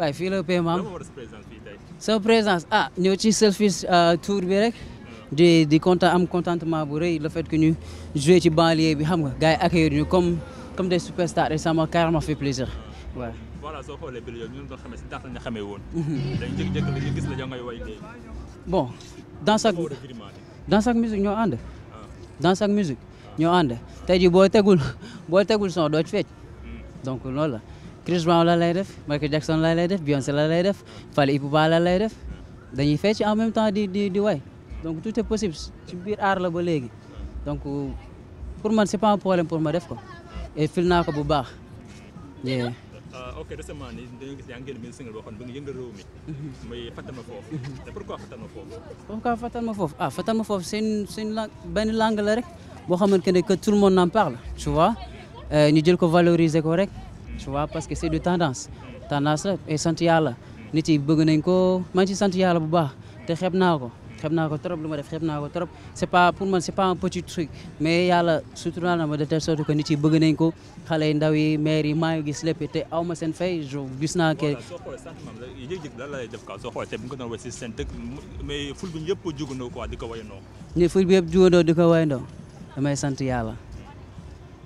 waaye fii la paiement am sa ah ñëw ci selfish euh, tour bi rek. Hmm. di di am contentement bu rëy la fait que ñu joué ci banlieue bi xam nga gars yi ñu comme comme des superstars et ça m'a carrément fait plaisir hmm. waaw. Hmm. bon dans chaque dans ñoo ànd. dans chaque musique ñoo ànd tey ji boo tegul boo tegul son doo ci donc loolu la. Chris Brown la lay def Michael Jackson la lay def Beyoncé la lay def Fally Ipupa la lay def dañuy fecc en même temps di di di way donc tout est possible ci biir aar la ba léegi donc pour man c'est pas un problème ma def ko et fil naa ko bu baax. Euh, ok récemment nii mhm. Fatal ma foofu. Mhm. te pourquoi Fatal ma foofu. pourquoi Fatal ma ah, benn langue la rek boo xamante ne que tout le monde en parle tu vois euh, ñu jël ko valoriser ko rek. tu vois parce que c'est de tendance tendance la et sant yàlla nit yi bëgg nañ ko man ci sant yàlla bu baax te xeeb naa ko xeeb naa ko trop lu ma def xeeb naa ko trop c'est pas pour man c'est pas un petit truc mais yàlla suturaal na ma de telle sorte nit yi bëgg nañ ko xale yi ndaw yi maire yi maa ngi gis lépp te aw ma seen fay je gis naa ke mais ful bi yëpp jugandoo quoi di ko wayandoo. ful bi yëpp jugandoo di ko wayandoo damay sant yàlla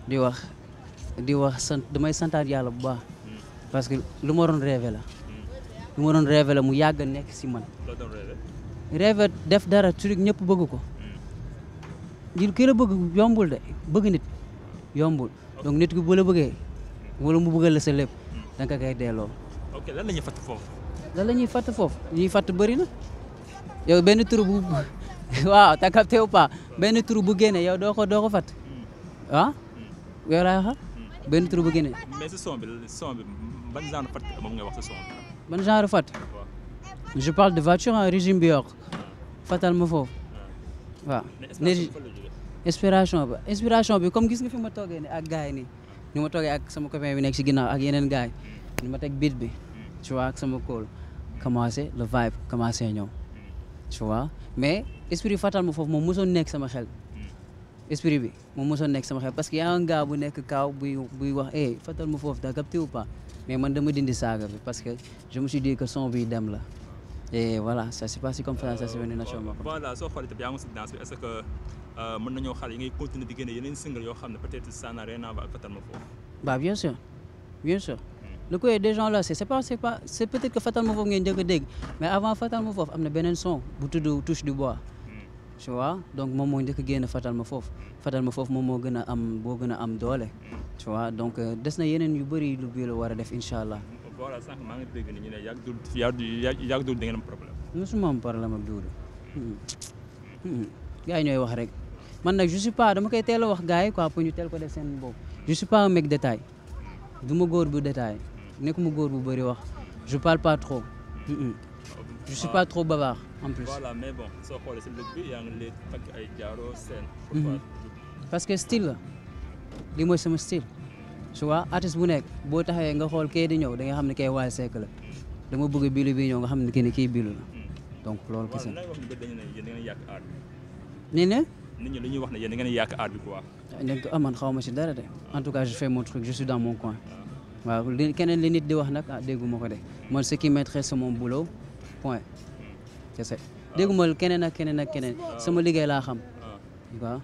di wax. di wax sant damay santaat yàlla bu baax parce que lu ma doon rêvé la lu ma doon la mu yàgg nekk si man rêvé def dara truc ñëpp bëgg ko ngir kii bëgg yombul de bëgg nit yombul donc nit ki bu la bëggee wala mu bëggal la sa lépp da nga koy delloo. ok lan la ñuy fàtt foofu. lan la ñuy fàtt foofu ñuy fàtt bëri na yow benn tur bu waaw t'as capté benn tur bu génne yow doo ko benn tur bu génne. mais si son bi son bi ban genre fat je parle de voiture en régime bi yokk fatal ma foofu waaw. inspiration ba inspiration bi comme gis nga fi ma toogee nii ak gars yi nii ni ma toogee ak sama copain bi nekk si ginnaaw ak yeneen gaay ni ma teg beat bi tu ak sama kóol commencé le vibe commencé ñëw tu mais esprit fatal ma foofu moom mosoon nekk sama xel. esprit bi moom mosoon nekk sama xel parce que y a un gars bu nekk kaaw buy buy wax eh fatal ma foofu daa capté ou pas mais man dama dindi saaga bi parce que je me suis dit que son bi dem la et voilà ça soo xoolee yaa ngi si danse bi est ne peut-être ça n'a rien à est pas c' est pas c' est fatal ma foofu ngeen njëkk dégg mais avant fatal ma foofu am na beneen son bu tudd touche du bois. tu donc moom moo njëkk génn fatal ma foofu fatal ma foofu moom moo gën am boo gën am doole tu vois donc euh, des na yeneen yu bëri lu bii la war a def incha allah. voilà sànq maa ngi dégg ni ñu ne yàgg da ngeen am problème. mosuma am problème ak Doudou. Hmm. Hmm. gars ñooy wax rek man nag je suis pas dama koy teel a wax gars yi quoi pour ñu teel ko def seen bopp. je suis pas un mec détail du ma góor bu détail nekkuma góor bu bëri wax je parle pas trop hmm. je en plus. voilà mais bon soo xoolee si look bi yaa mhm. parce que style la lii mooy sama style tu vois bu nekk boo taxee nga xool kee di ñëw da nga xam ne kay Wally Seck la dama bëgg biilu bi ñëw nga xam ne kii kii biilu la donc loolu. kese la waaw nee na. nit ñi wax ne yéen da ngeen di yàq aar ah, ah, xaw ma si dara de en tout cas je fais mon truc je suis ah. keneen li nit di wax nag ah déggu ma ko de man ce qui m'intéresse c'est mon boulot point. kese dégguma keneen ak keneen ak keneen ah. sama liggéey ah. la xam waaw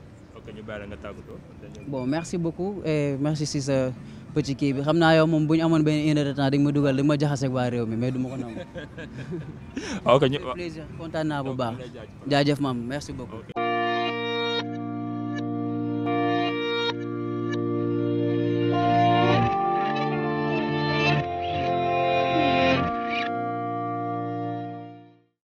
bon merci beaucoup et merci si sa petit kii bi xam naa yow moom bu ñu amoon benn une de temps di ma dugal di ma jaxase ak réew mi mais du ma ko nangu. ok ñu plaisir kontaan naa bu baax jaajëf maam merci beaucoup.